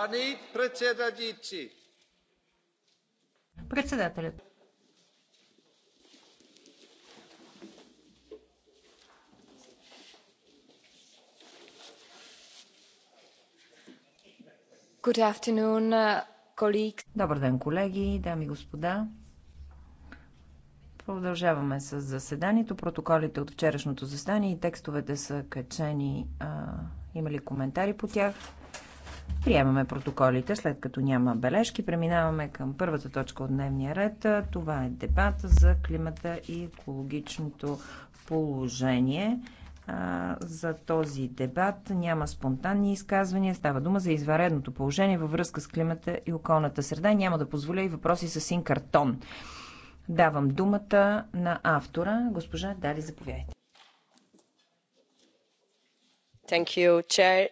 Пани Председателят. Good afternoon, uh, colleagues. Добър ден, колеги, дами и господа. Продължаваме с заседанието. Протоколите от вчерашното заседание и текстовете са качени. А, има ли коментари по тях? Приемаме протоколите, след като няма бележки. Преминаваме към първата точка от дневния ред. Това е дебат за климата и екологичното положение. За този дебат няма спонтанни изказвания. Става дума за изваредното положение във връзка с климата и околната среда. Няма да позволя и въпроси с син картон. Давам думата на автора. Госпожа Дали, заповядайте. Thank you, Chair.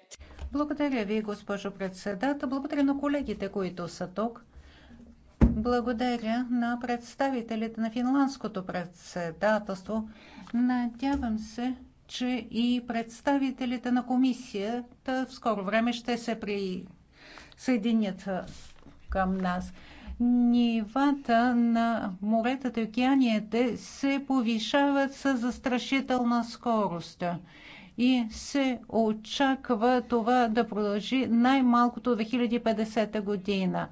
Благодаря ви, госпожо председател. Благодаря на колегите, които са тук. Благодаря на представителите на финландското председателство. Надявам се, че и представителите на комисията в скоро време ще се присъединят към нас. Нивата на моретата и океаните се повишават с застрашителна скорост и се очаква това да продължи най-малкото 2050 година.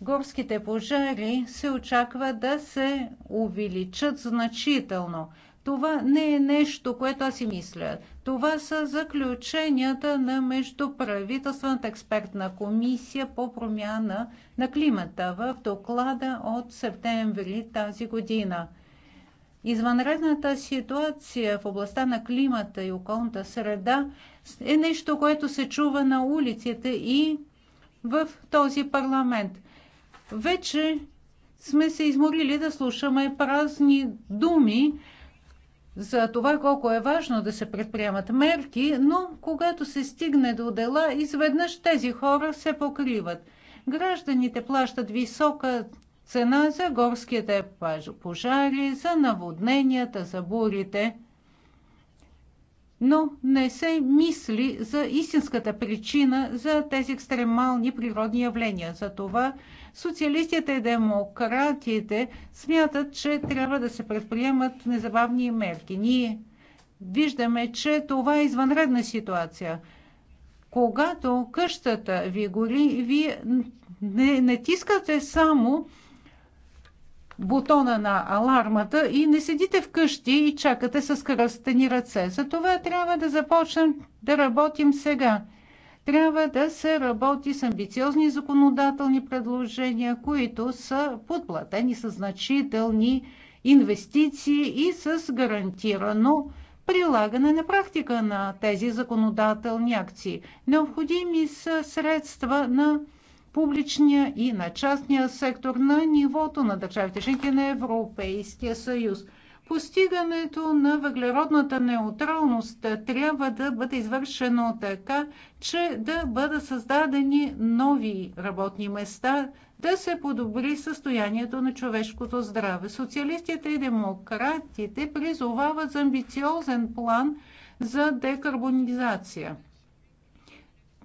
Горските пожари се очаква да се увеличат значително. Това не е нещо, което аз си мисля. Това са заключенията на Междуправителствената експертна комисия по промяна на климата в доклада от септември тази година. Извънредната ситуация в областта на климата и околната среда е нещо, което се чува на улиците и в този парламент. Вече сме се изморили да слушаме празни думи за това колко е важно да се предприемат мерки, но когато се стигне до дела, изведнъж тези хора се покриват. Гражданите плащат висока цена за горските пожари, за наводненията, за бурите, но не се мисли за истинската причина за тези екстремални природни явления. Затова социалистите и демократите смятат, че трябва да се предприемат незабавни мерки. Ние виждаме, че това е извънредна ситуация. Когато къщата ви гори, вие не натискате само бутона на алармата и не седите вкъщи и чакате с кръстени ръце. За това трябва да започнем да работим сега. Трябва да се работи с амбициозни законодателни предложения, които са подплатени с значителни инвестиции и с гарантирано прилагане на практика на тези законодателни акции. Необходими са средства на публичния и на частния сектор на нивото на държавите членки на Европейския съюз. Постигането на въглеродната неутралност трябва да бъде извършено така, че да бъдат създадени нови работни места, да се подобри състоянието на човешкото здраве. Социалистите и демократите призовават за амбициозен план за декарбонизация –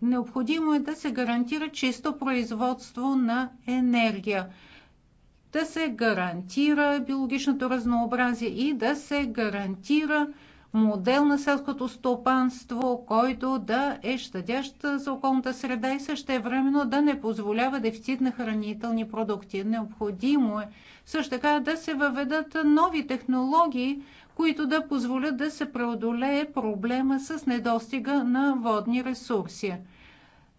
Необходимо е да се гарантира чисто производство на енергия, да се гарантира биологичното разнообразие и да се гарантира модел на селското стопанство, който да е щадящ за околната среда и също времено да не позволява дефицит на хранителни продукти. Необходимо е също така да се въведат нови технологии, които да позволят да се преодолее проблема с недостига на водни ресурси.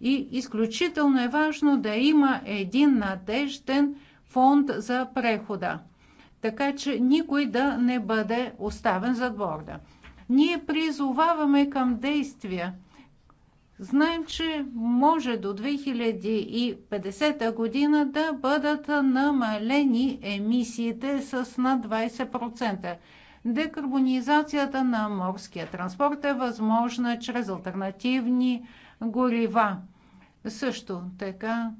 И изключително е важно да има един надежден фонд за прехода, така че никой да не бъде оставен зад борда. Ние призоваваме към действия. Знаем, че може до 2050 година да бъдат намалени емисиите с над 20%. Декарбонизацията на морския транспорт е възможна чрез альтернативни горива. Също така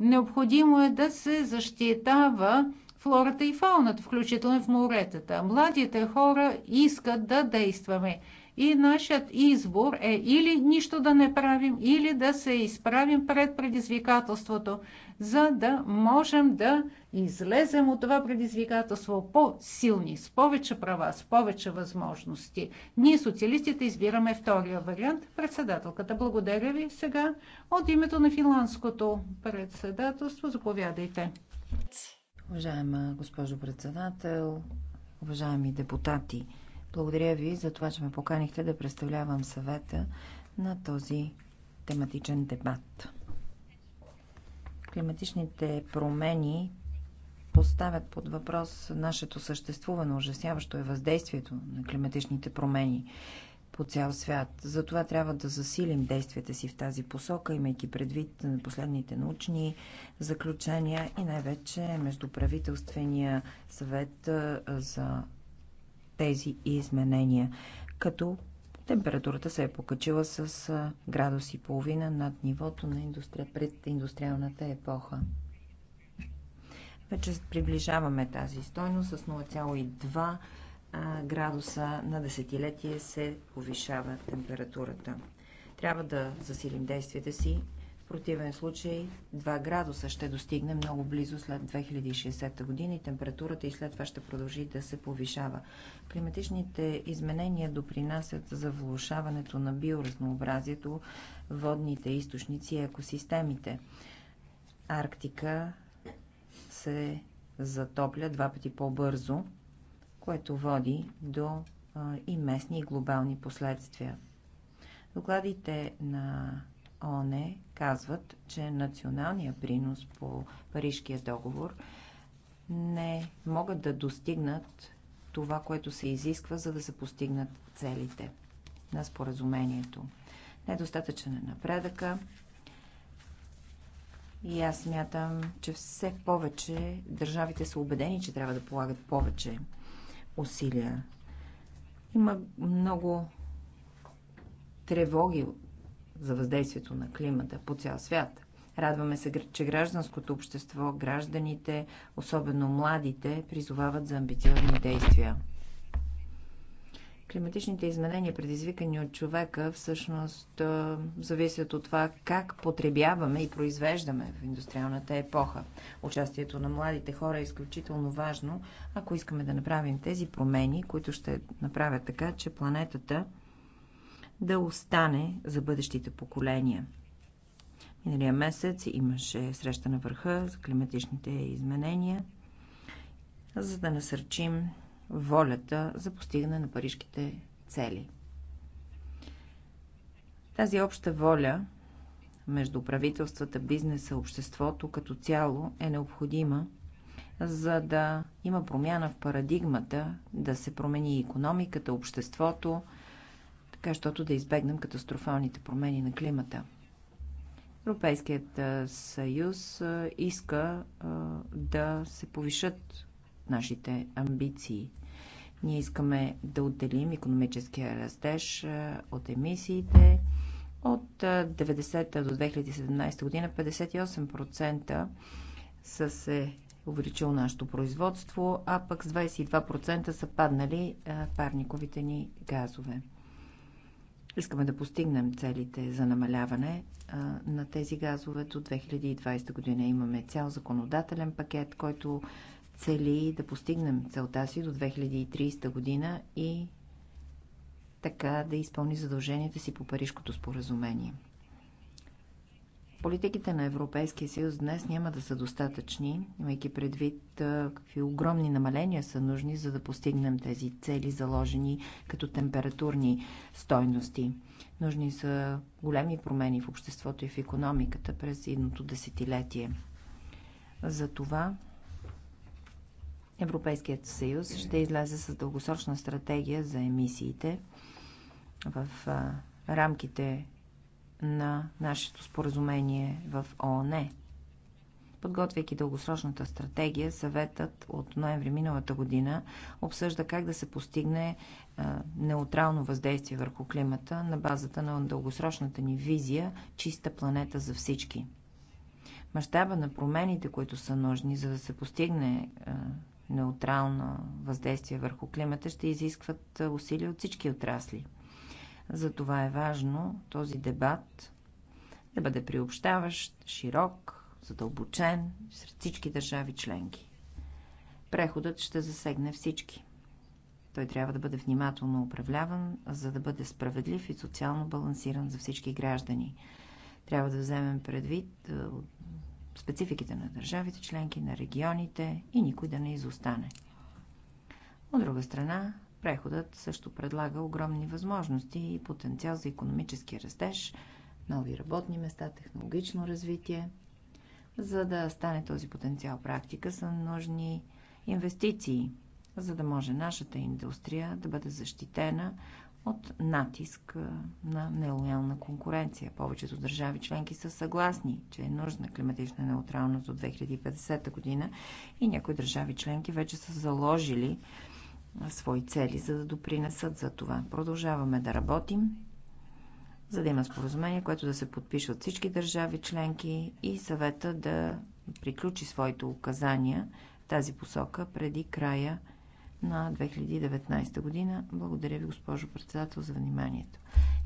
необходимо е да се защитава флората и фауната, включително в моретата. Младите хора искат да действаме. И нашият избор е или нищо да не правим, или да се изправим пред предизвикателството, за да можем да излезем от това предизвикателство по-силни, с повече права, с повече възможности. Ние, социалистите, избираме втория вариант. Председателката, благодаря ви сега. От името на финландското председателство, заповядайте. Уважаема госпожо председател, уважаеми депутати, благодаря ви за това, че ме поканихте да представлявам съвета на този тематичен дебат. Климатичните промени поставят под въпрос нашето съществуване. Ужасяващо е въздействието на климатичните промени по цял свят. Затова трябва да засилим действията си в тази посока, имайки предвид на последните научни заключения и най-вече Междуправителствения съвет за тези изменения, като температурата се е покачила с градус и половина над нивото на индустри... пред индустриалната епоха. Вече приближаваме тази стойност с 0,2 градуса на десетилетие се повишава температурата. Трябва да засилим действията си противен случай 2 градуса ще достигне много близо след 2060 година и температурата и след това ще продължи да се повишава. Климатичните изменения допринасят за влушаването на биоразнообразието, водните източници и екосистемите. Арктика се затопля два пъти по-бързо, което води до и местни и глобални последствия. Докладите на ООН казват, че националния принос по Парижкия договор не могат да достигнат това, което се изисква, за да се постигнат целите на споразумението. Недостатъчен е напредъка и аз смятам, че все повече държавите са убедени, че трябва да полагат повече усилия. Има много тревоги за въздействието на климата по цял свят. Радваме се, че гражданското общество, гражданите, особено младите, призовават за амбициозни действия. Климатичните изменения, предизвикани от човека, всъщност зависят от това как потребяваме и произвеждаме в индустриалната епоха. Участието на младите хора е изключително важно, ако искаме да направим тези промени, които ще направят така, че планетата да остане за бъдещите поколения. Миналия месец имаше среща на върха за климатичните изменения, за да насърчим волята за постигане на парижките цели. Тази обща воля между правителствата, бизнеса, обществото като цяло е необходима, за да има промяна в парадигмата, да се промени економиката, обществото, така щото да избегнем катастрофалните промени на климата. Европейският съюз иска да се повишат нашите амбиции. Ние искаме да отделим економическия растеж от емисиите. От 90-та до 2017 година 58% са се увеличил нашето производство, а пък с 22% са паднали парниковите ни газове. Искаме да постигнем целите за намаляване на тези газове до 2020 година. Имаме цял законодателен пакет, който цели да постигнем целта си до 2030 година и така да изпълни задълженията си по Парижкото споразумение. Политиките на Европейския съюз днес няма да са достатъчни, имайки предвид какви огромни намаления са нужни, за да постигнем тези цели, заложени като температурни стойности. Нужни са големи промени в обществото и в економиката през едното десетилетие. Затова Европейският съюз ще излезе с дългосрочна стратегия за емисиите в рамките на нашето споразумение в ООН. Подготвяйки дългосрочната стратегия, съветът от ноември миналата година обсъжда как да се постигне неутрално въздействие върху климата на базата на дългосрочната ни визия чиста планета за всички. Мащаба на промените, които са нужни, за да се постигне неутрално въздействие върху климата, ще изискват усилия от всички отрасли – затова е важно този дебат да бъде приобщаващ, широк, задълбочен сред всички държави членки. Преходът ще засегне всички. Той трябва да бъде внимателно управляван, за да бъде справедлив и социално балансиран за всички граждани. Трябва да вземем предвид е, спецификите на държавите членки, на регионите и никой да не изостане. От друга страна, Преходът също предлага огромни възможности и потенциал за економически растеж, нови работни места, технологично развитие. За да стане този потенциал практика, са нужни инвестиции, за да може нашата индустрия да бъде защитена от натиск на нелоялна конкуренция. Повечето държави членки са съгласни, че е нужна климатична неутралност до 2050 година и някои държави членки вече са заложили свои цели, за да допринесат за това. Продължаваме да работим, за да има споразумение, което да се подпише от всички държави членки и съвета да приключи своите указания в тази посока преди края на 2019 година. Благодаря ви, госпожо председател, за вниманието.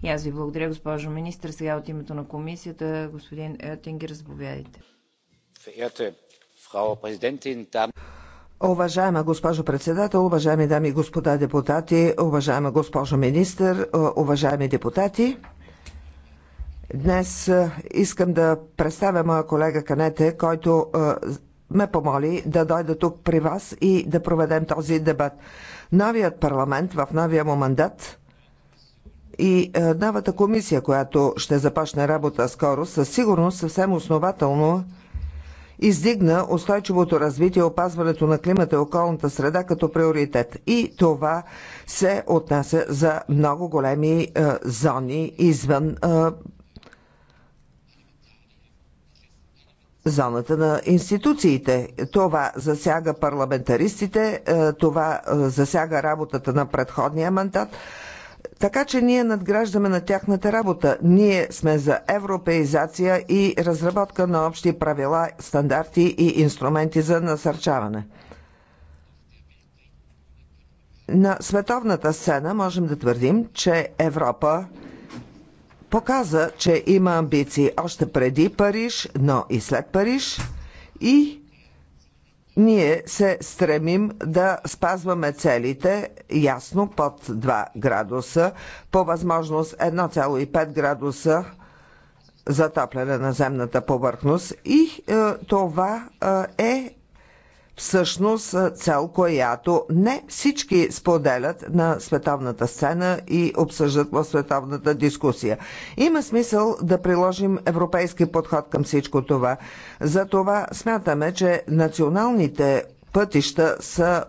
И аз ви благодаря, госпожо министр. Сега от името на комисията, господин Етингер, заповядайте. Фрау президентин, Präsidentin, Уважаема госпожо председател, уважаеми дами и господа депутати, уважаема госпожо министър, уважаеми депутати, днес е, искам да представя моя колега Канете, който е, ме помоли да дойда тук при вас и да проведем този дебат. Новият парламент в новия му мандат и е, новата комисия, която ще започне работа скоро, със сигурност съвсем основателно издигна устойчивото развитие, опазването на климата и околната среда като приоритет. И това се отнася за много големи е, зони извън е, зоната на институциите. Това засяга парламентаристите, е, това е, засяга работата на предходния мандат. Така че ние надграждаме на тяхната работа. Ние сме за европеизация и разработка на общи правила, стандарти и инструменти за насърчаване. На световната сцена можем да твърдим, че Европа показа, че има амбиции още преди Париж, но и след Париж и ние се стремим да спазваме целите ясно под 2 градуса, по възможност 1,5 градуса затапляне на земната повърхност и е, това е, е всъщност цел, която не всички споделят на световната сцена и обсъждат в световната дискусия. Има смисъл да приложим европейски подход към всичко това. Затова смятаме, че националните пътища са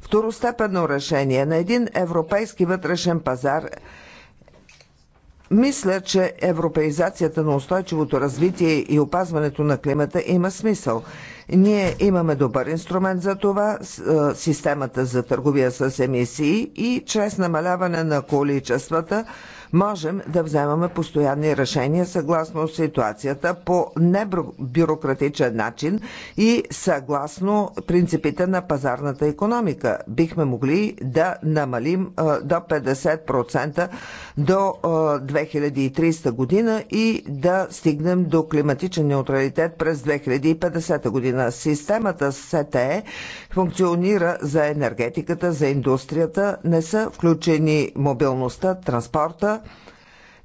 второстепенно решение на един европейски вътрешен пазар – мисля, че европеизацията на устойчивото развитие и опазването на климата има смисъл. Ние имаме добър инструмент за това, системата за търговия с емисии и чрез намаляване на количествата можем да вземаме постоянни решения съгласно ситуацията по небюрократичен начин и съгласно принципите на пазарната економика. Бихме могли да намалим до 50% до 2030 година и да стигнем до климатичен неутралитет през 2050 година. Системата СТЕ функционира за енергетиката, за индустрията, не са включени мобилността, транспорта,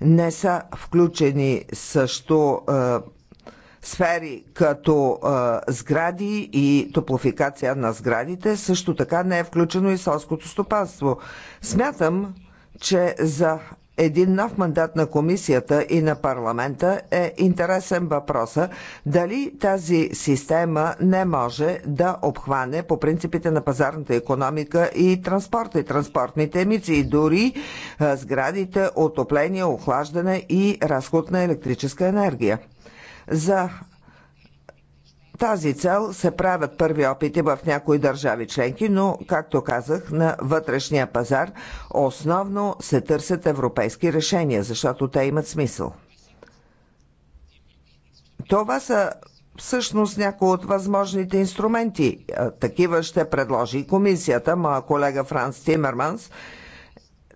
не са включени също е, сфери като е, сгради и топлофикация на сградите. Също така не е включено и селското стопанство. Смятам, че за един нов мандат на комисията и на парламента е интересен въпроса дали тази система не може да обхване по принципите на пазарната економика и транспорта и транспортните емисии, дори сградите, отопление, охлаждане и разход на електрическа енергия. За тази цел се правят първи опити в някои държави членки, но, както казах, на вътрешния пазар основно се търсят европейски решения, защото те имат смисъл. Това са всъщност някои от възможните инструменти. Такива ще предложи и комисията. Моя колега Франц Тимерманс,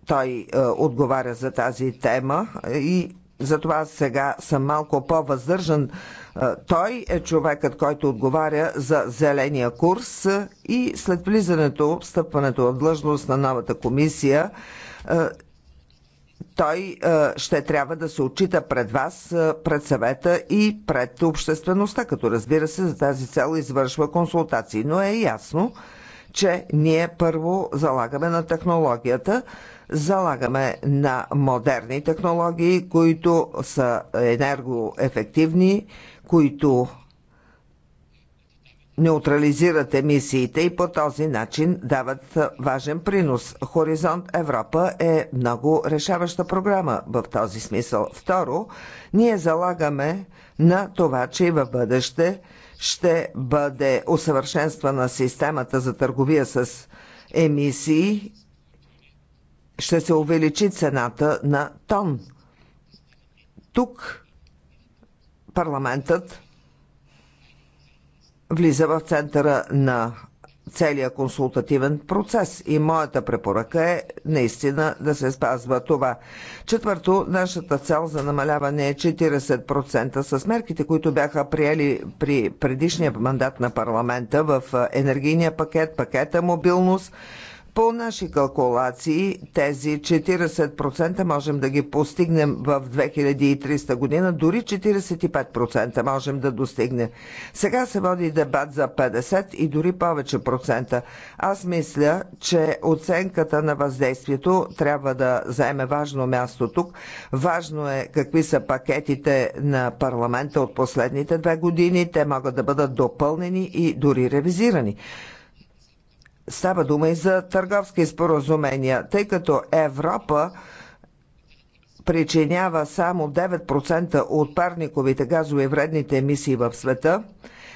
той е, отговаря за тази тема и затова сега съм малко по-въздържан е, той е човекът, който отговаря за зеления курс е, и след влизането, встъпването в длъжност на новата комисия, е, той ще трябва да се отчита пред вас, пред съвета и пред обществеността, като разбира се за тази цел извършва консултации. Но е ясно, че ние първо залагаме на технологията, залагаме на модерни технологии, които са енергоефективни, които неутрализират емисиите и по този начин дават важен принос. Хоризонт Европа е много решаваща програма в този смисъл. Второ, ние залагаме на това, че и в бъдеще ще бъде усъвършенствана системата за търговия с емисии, ще се увеличи цената на тон. Тук парламентът влиза в центъра на целия консултативен процес и моята препоръка е наистина да се спазва това. Четвърто, нашата цел за намаляване е 40% с мерките, които бяха приели при предишния мандат на парламента в енергийния пакет, пакета мобилност по наши калкулации тези 40% можем да ги постигнем в 2300 година, дори 45% можем да достигнем. Сега се води дебат за 50 и дори повече процента. Аз мисля, че оценката на въздействието трябва да заеме важно място тук. Важно е какви са пакетите на парламента от последните две години. Те могат да бъдат допълнени и дори ревизирани. Става дума и за търговски споразумения, тъй като Европа причинява само 9% от парниковите газове вредните емисии в света,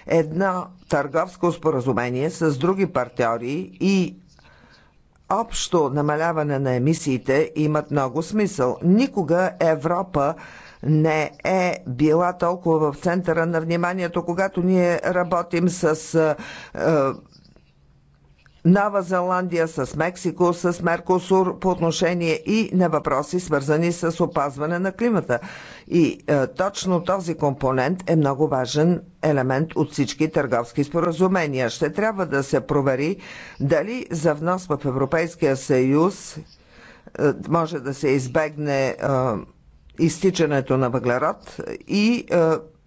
едно търговско споразумение с други партньори и общо намаляване на емисиите имат много смисъл. Никога Европа не е била толкова в центъра на вниманието, когато ние работим с е, Нова Зеландия, с Мексико, с Меркосур по отношение и на въпроси, свързани с опазване на климата. И е, точно този компонент е много важен елемент от всички търговски споразумения. Ще трябва да се провери дали за внос в Европейския съюз е, може да се избегне е, изтичането на въглерод и е,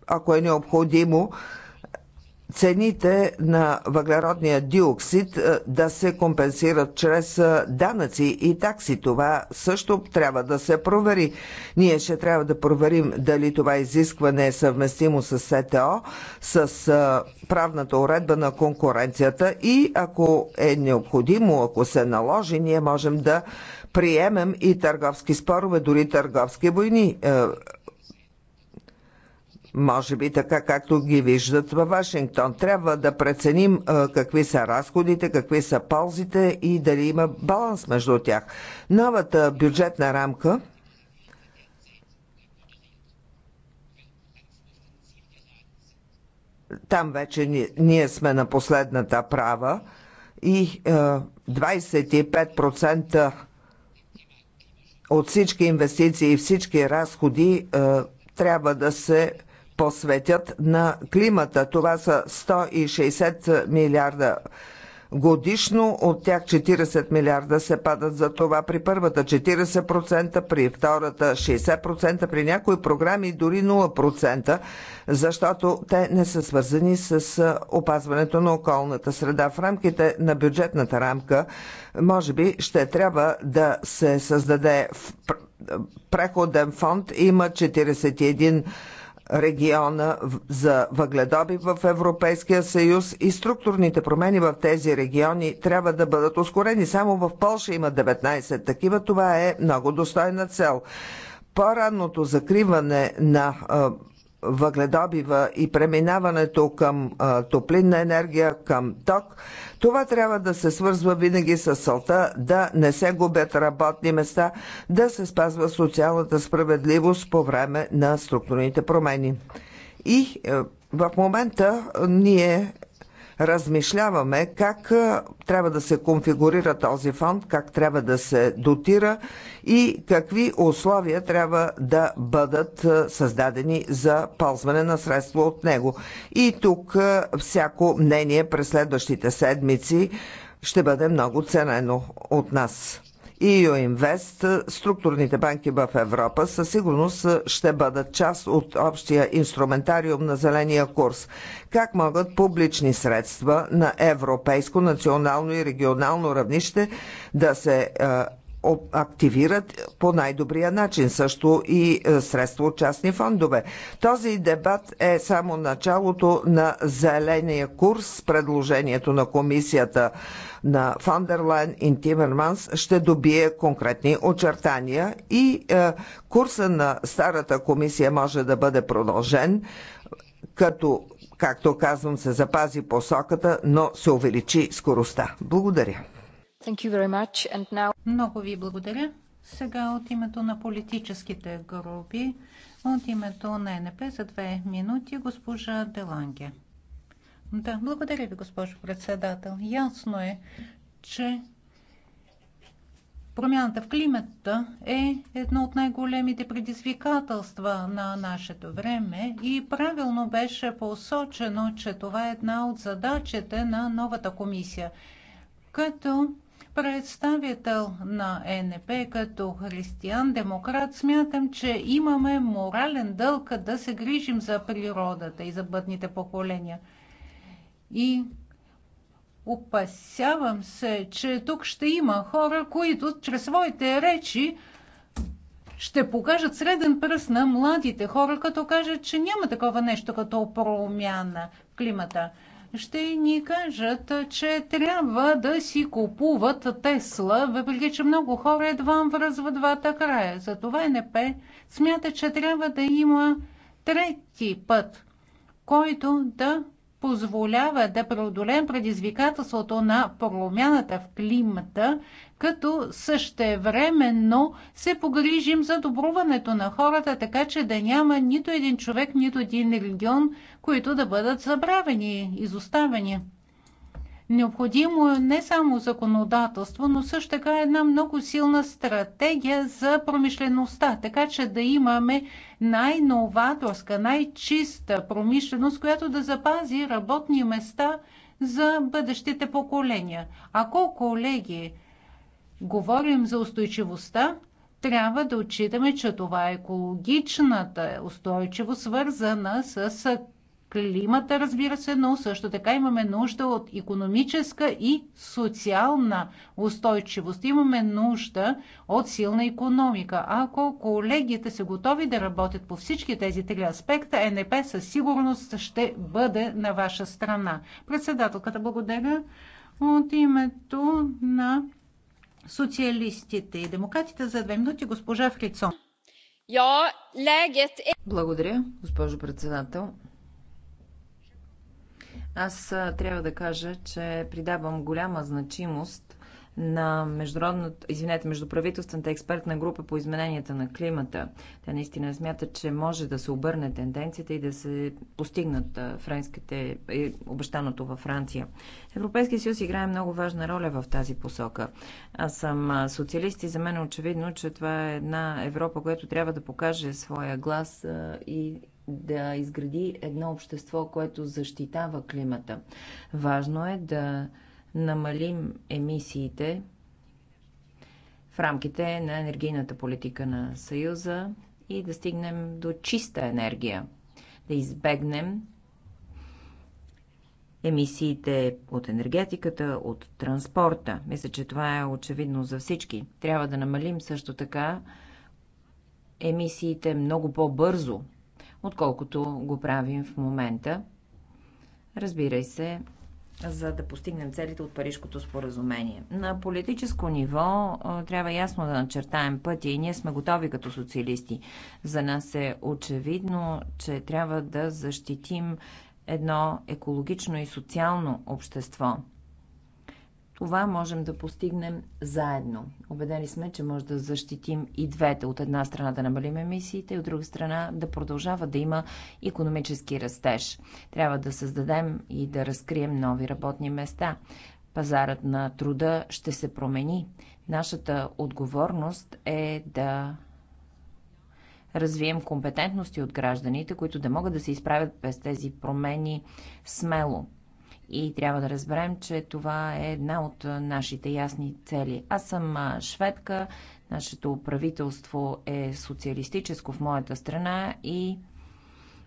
ако е необходимо, цените на въглеродния диоксид е, да се компенсират чрез е, данъци и такси. Това също трябва да се провери. Ние ще трябва да проверим дали това изискване е съвместимо с СТО, с е, правната уредба на конкуренцията и ако е необходимо, ако се наложи, ние можем да приемем и търговски спорове, дори търговски войни може би така както ги виждат във Вашингтон. Трябва да преценим какви са разходите, какви са ползите и дали има баланс между тях. Новата бюджетна рамка там вече ние сме на последната права и 25% от всички инвестиции и всички разходи трябва да се посветят на климата. Това са 160 милиарда годишно, от тях 40 милиарда се падат за това при първата 40%, при втората 60%, при някои програми дори 0%, защото те не са свързани с опазването на околната среда. В рамките на бюджетната рамка, може би, ще трябва да се създаде преходен фонд. Има 41 региона за въгледоби в Европейския съюз и структурните промени в тези региони трябва да бъдат ускорени. Само в Польша има 19 такива. Това е много достойна цел. По-ранното закриване на въгледобива и преминаването към а, топлинна енергия, към ток, това трябва да се свързва винаги с целта да не се губят работни места, да се спазва социалната справедливост по време на структурните промени. И е, в момента ние размишляваме как трябва да се конфигурира този фонд, как трябва да се дотира и какви условия трябва да бъдат създадени за ползване на средства от него. И тук всяко мнение през следващите седмици ще бъде много ценено от нас. EU Invest, структурните банки в Европа със сигурност ще бъдат част от общия инструментариум на зеления курс. Как могат публични средства на европейско, национално и регионално равнище да се активират по най-добрия начин, също и е, средства от частни фондове. Този дебат е само началото на зеления курс. Предложението на комисията на Фондерлайн и Тимерманс ще добие конкретни очертания и е, курса на старата комисия може да бъде продължен, като, както казвам, се запази посоката, но се увеличи скоростта. Благодаря. Now... Много ви благодаря. Сега от името на политическите групи, от името на НП за две минути госпожа Деланге. Да, благодаря ви, госпожо председател. Ясно е, че промяната в климата е едно от най-големите предизвикателства на нашето време и правилно беше посочено, че това е една от задачите на новата комисия, като представител на ЕНП като християн-демократ смятам, че имаме морален дълг да се грижим за природата и за бъдните поколения. И опасявам се, че тук ще има хора, които чрез своите речи ще покажат среден пръст на младите хора, като кажат, че няма такова нещо като промяна в климата ще ни кажат, че трябва да си купуват Тесла, въпреки че много хора едва връзват двата края. Затова НП смята, че трябва да има трети път, който да позволява да преодолеем предизвикателството на промяната в климата като същевременно се погрижим за добруването на хората, така че да няма нито един човек, нито един регион, които да бъдат забравени, изоставени. Необходимо е не само законодателство, но също така е една много силна стратегия за промишлеността, така че да имаме най-новаторска, най-чиста промишленост, която да запази работни места за бъдещите поколения. Ако колеги говорим за устойчивостта, трябва да отчитаме, че това е екологичната устойчивост, свързана с климата, разбира се, но също така имаме нужда от економическа и социална устойчивост. Имаме нужда от силна економика. Ако колегите са готови да работят по всички тези три аспекта, НП със сигурност ще бъде на ваша страна. Председателката благодаря от името на социалистите и демократите за две минути госпожа Фрицон. Благодаря, госпожо председател. Аз трябва да кажа, че придавам голяма значимост на международната, извинете, междуправителствената експертна група по измененията на климата. Те наистина смятат, че може да се обърне тенденцията и да се постигнат френските, е, обещаното във Франция. Европейския съюз играе много важна роля в тази посока. Аз съм социалист и за мен е очевидно, че това е една Европа, която трябва да покаже своя глас и да изгради едно общество, което защитава климата. Важно е да намалим емисиите в рамките на енергийната политика на Съюза и да стигнем до чиста енергия, да избегнем емисиите от енергетиката, от транспорта. Мисля, че това е очевидно за всички. Трябва да намалим също така емисиите много по-бързо, отколкото го правим в момента. Разбирай се, за да постигнем целите от Парижкото споразумение. На политическо ниво трябва ясно да начертаем пътя и ние сме готови като социалисти. За нас е очевидно, че трябва да защитим едно екологично и социално общество – това можем да постигнем заедно. Обедени сме, че може да защитим и двете. От една страна да намалим емисиите, и от друга страна да продължава да има економически растеж. Трябва да създадем и да разкрием нови работни места. Пазарът на труда ще се промени. Нашата отговорност е да развием компетентности от гражданите, които да могат да се изправят без тези промени смело. И трябва да разберем, че това е една от нашите ясни цели. Аз съм шведка, нашето правителство е социалистическо в моята страна и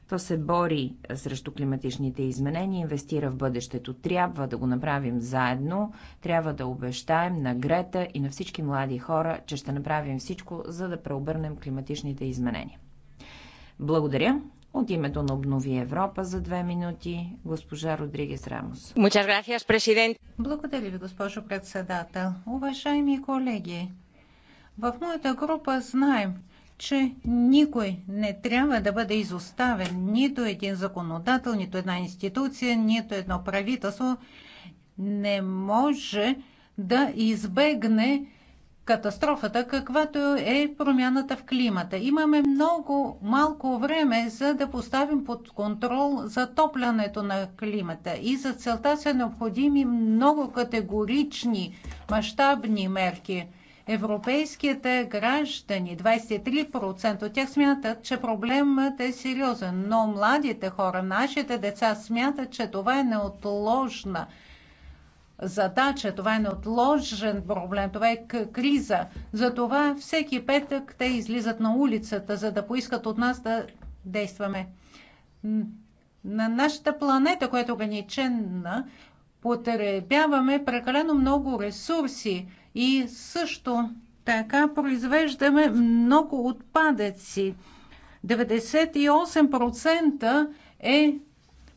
то се бори срещу климатичните изменения, инвестира в бъдещето. Трябва да го направим заедно, трябва да обещаем на Грета и на всички млади хора, че ще направим всичко, за да преобърнем климатичните изменения. Благодаря. От името на Обнови Европа за две минути, госпожа Родригес Рамос. Gracias, Благодаря ви, госпожо председател. Уважаеми колеги, в моята група знаем, че никой не трябва да бъде изоставен, нито един законодател, нито една институция, нито едно правителство не може да избегне катастрофата, каквато е промяната в климата. Имаме много малко време, за да поставим под контрол затоплянето на климата. И за целта са необходими много категорични, мащабни мерки. Европейските граждани, 23% от тях смятат, че проблемът е сериозен, но младите хора, нашите деца смятат, че това е неотложна задача, това е неотложен проблем, това е криза. Затова всеки петък те излизат на улицата, за да поискат от нас да действаме. На нашата планета, която е ограничена, потребяваме прекалено много ресурси и също така произвеждаме много отпадъци. 98% е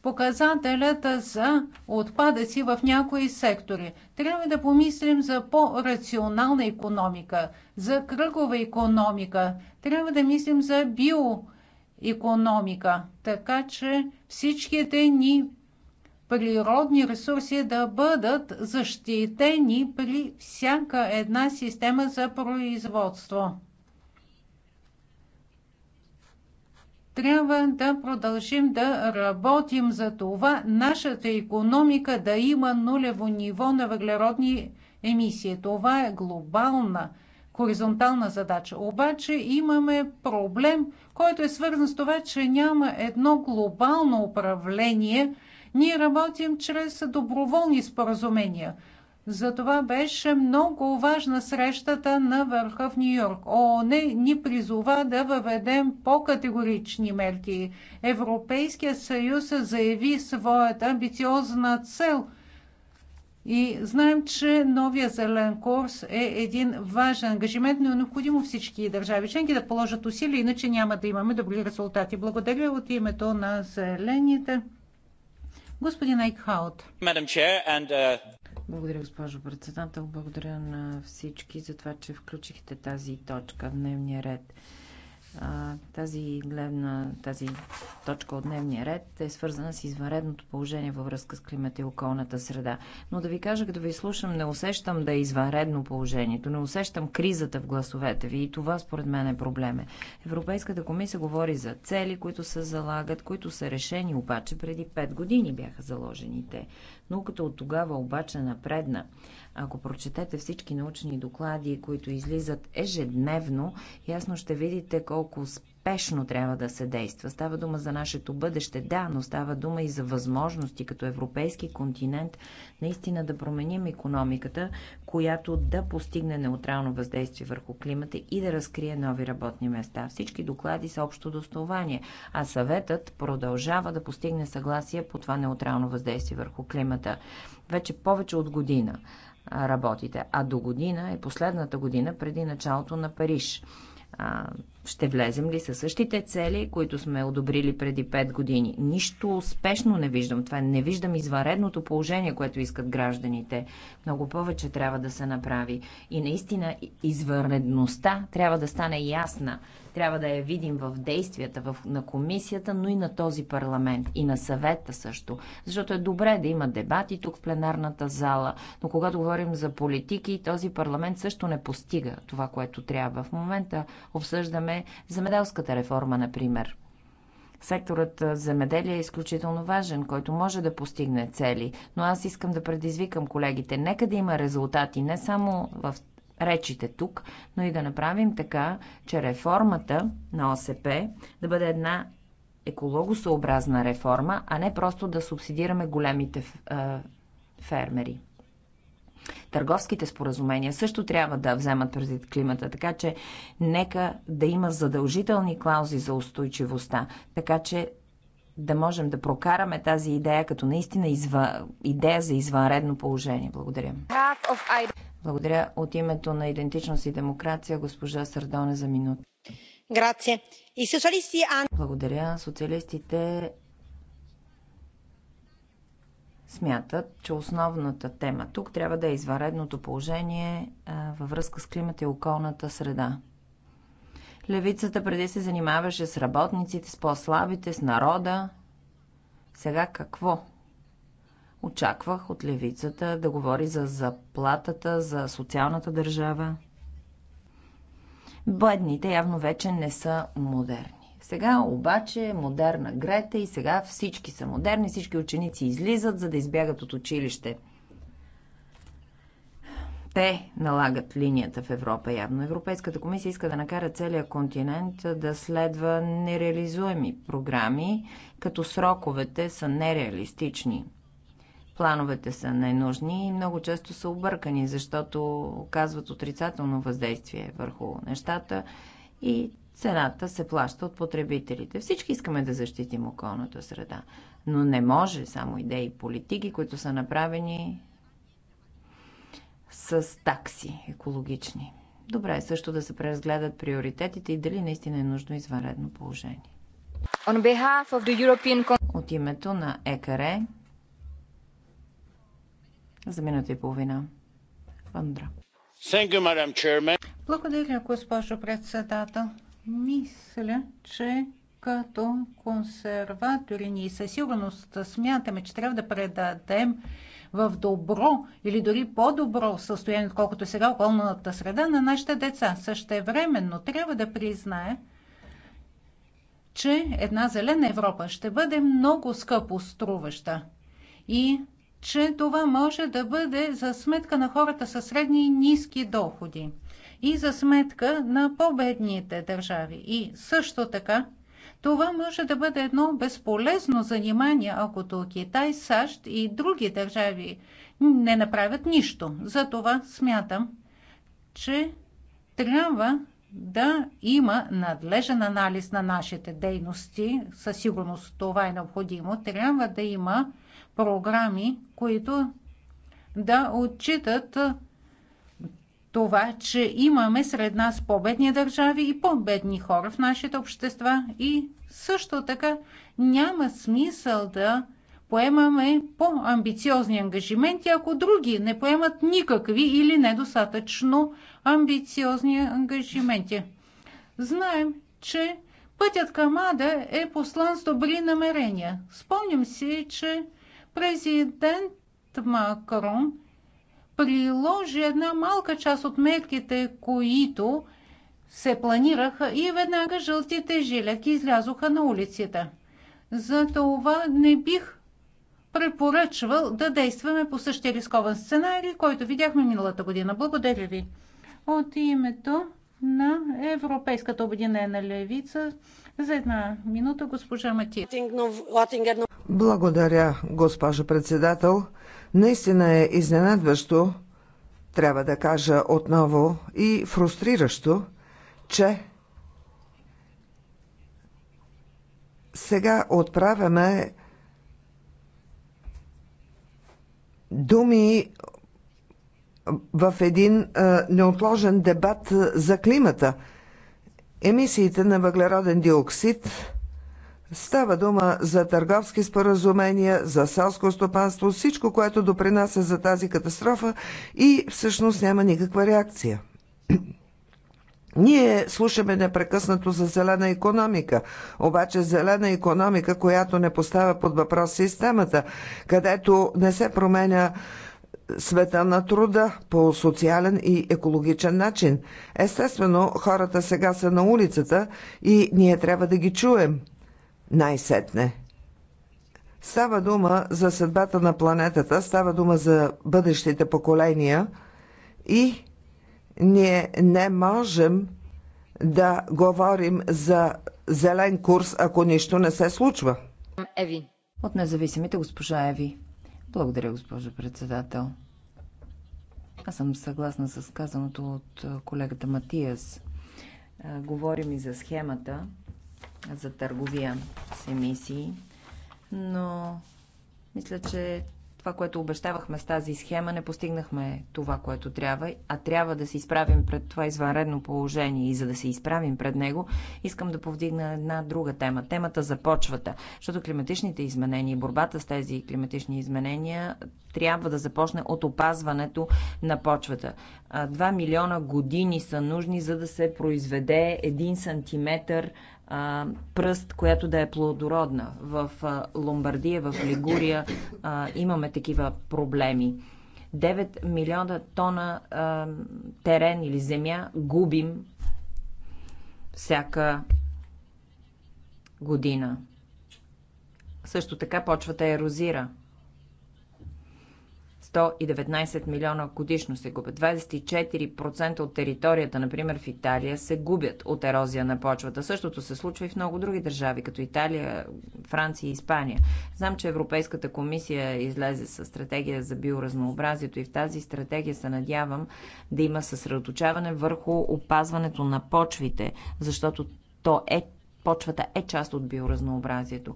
Показателята за отпадъци в някои сектори. Трябва да помислим за по-рационална економика, за кръгова економика. Трябва да мислим за биоекономика, така че всичките ни природни ресурси да бъдат защитени при всяка една система за производство. трябва да продължим да работим за това нашата економика да има нулево ниво на въглеродни емисии. Това е глобална хоризонтална задача. Обаче имаме проблем, който е свързан с това, че няма едно глобално управление. Ние работим чрез доброволни споразумения. Затова беше много важна срещата на върха в Нью-Йорк. ООН ни призова да въведем по-категорични мерки. Европейския съюз заяви своята амбициозна цел и знаем, че новия зелен курс е един важен ангажимент, но е необходимо всички държави членки да положат усилия, иначе няма да имаме добри резултати. Благодаря от името на зелените. Господин Айкхаут. Uh, благодаря, госпожо председател. Благодаря на всички за това, че включихте тази точка в дневния ред тази гледна, тази точка от дневния ред е свързана с извънредното положение във връзка с климата и околната среда. Но да ви кажа, като ви слушам, не усещам да е извънредно положението, не усещам кризата в гласовете ви и това според мен е проблеме. Европейската комисия говори за цели, които се залагат, които са решени обаче преди 5 години бяха заложени те. Науката от тогава обаче напредна. Ако прочетете всички научни доклади, които излизат ежедневно, ясно ще видите колко спешно трябва да се действа. Става дума за нашето бъдеще, да, но става дума и за възможности като европейски континент наистина да променим економиката, която да постигне неутрално въздействие върху климата и да разкрие нови работни места. Всички доклади са общо достоверие, а съветът продължава да постигне съгласие по това неутрално въздействие върху климата. Вече повече от година работите. А до година е последната година преди началото на Париж. А, ще влезем ли със същите цели, които сме одобрили преди 5 години? Нищо успешно не виждам. Това не виждам изваредното положение, което искат гражданите. Много повече трябва да се направи. И наистина извънредността трябва да стане ясна трябва да я видим в действията в, на комисията, но и на този парламент и на съвета също. Защото е добре да има дебати тук в пленарната зала, но когато говорим за политики, този парламент също не постига това, което трябва. В момента обсъждаме земеделската реформа, например. Секторът земеделие е изключително важен, който може да постигне цели, но аз искам да предизвикам колегите. Нека да има резултати не само в речите тук, но и да направим така, че реформата на ОСП да бъде една екологосъобразна реформа, а не просто да субсидираме големите фермери. Търговските споразумения също трябва да вземат предвид климата, така че нека да има задължителни клаузи за устойчивостта, така че да можем да прокараме тази идея като наистина изва... идея за извънредно положение. Благодаря. Благодаря от името на Идентичност и демокрация госпожа Сардоне за минута. Благодаря. Социалистите смятат, че основната тема тук трябва да е изваредното положение във връзка с климата и околната среда. Левицата преди се занимаваше с работниците, с по-слабите, с народа. Сега какво? Очаквах от левицата да говори за заплатата, за социалната държава. Бедните явно вече не са модерни. Сега обаче е модерна Грета и сега всички са модерни, всички ученици излизат, за да избягат от училище. Те налагат линията в Европа явно. Европейската комисия иска да накара целия континент да следва нереализуеми програми, като сроковете са нереалистични. Плановете са ненужни и много често са объркани, защото оказват отрицателно въздействие върху нещата и цената се плаща от потребителите. Всички искаме да защитим околната среда, но не може само идеи и политики, които са направени с такси екологични. Добре е също да се преразгледат приоритетите и дали наистина е нужно извънредно положение. От името на ЕКРЕ за минута и половина. Вандра. Благодаря, госпожо председател. Мисля, че като консерватори ние със сигурност смятаме, че трябва да предадем в добро или дори по-добро състояние, отколкото е сега околната среда на нашите деца. Същевременно трябва да признаем, че една зелена Европа ще бъде много скъпо струваща. И че това може да бъде за сметка на хората със средни и ниски доходи и за сметка на по-бедните държави. И също така, това може да бъде едно безполезно занимание, ако Китай, САЩ и други държави не направят нищо. Затова смятам, че трябва да има надлежен анализ на нашите дейности. Със сигурност това е необходимо. Трябва да има програми, които да отчитат това, че имаме сред нас по-бедни държави и по-бедни хора в нашите общества и също така няма смисъл да поемаме по-амбициозни ангажименти, ако други не поемат никакви или недостатъчно амбициозни ангажименти. Знаем, че пътят към Ада е послан с добри намерения. Спомним си, че президент Макрон приложи една малка част от мерките, които се планираха и веднага жълтите жилетки излязоха на улицата. За това не бих препоръчвал да действаме по същия рискован сценарий, който видяхме миналата година. Благодаря ви. От името на Европейската обединена левица за една минута госпожа Матия. Благодаря, госпожо председател. Наистина е изненадващо, трябва да кажа отново, и фрустриращо, че сега отправяме думи в един а, неотложен дебат за климата. Емисиите на въглероден диоксид Става дума за търговски споразумения, за селско стопанство, всичко, което допринася за тази катастрофа и всъщност няма никаква реакция. Ние слушаме непрекъснато за зелена економика, обаче зелена економика, която не поставя под въпрос системата, където не се променя света на труда по социален и екологичен начин. Естествено, хората сега са на улицата и ние трябва да ги чуем – най-сетне. Става дума за съдбата на планетата, става дума за бъдещите поколения и ние не можем да говорим за зелен курс, ако нищо не се случва. Еви. От независимите госпожа Еви. Благодаря, госпожо председател. Аз съм съгласна с казаното от колегата Матиас. Е, говорим и за схемата, за търговия с емисии, но мисля, че това, което обещавахме с тази схема, не постигнахме това, което трябва, а трябва да се изправим пред това извънредно положение. И за да се изправим пред него, искам да повдигна една друга тема. Темата за почвата, защото климатичните изменения и борбата с тези климатични изменения трябва да започне от опазването на почвата. Два милиона години са нужни, за да се произведе един сантиметър а, пръст, която да е плодородна. В а, Ломбардия, в Лигурия а, имаме такива проблеми. 9 милиона тона а, терен или земя губим всяка година. Също така почвата ерозира. 119 милиона годишно се губят. 24% от територията, например в Италия, се губят от ерозия на почвата. Същото се случва и в много други държави, като Италия, Франция и Испания. Знам, че Европейската комисия излезе с стратегия за биоразнообразието и в тази стратегия се надявам да има съсредоточаване върху опазването на почвите, защото то е почвата е част от биоразнообразието.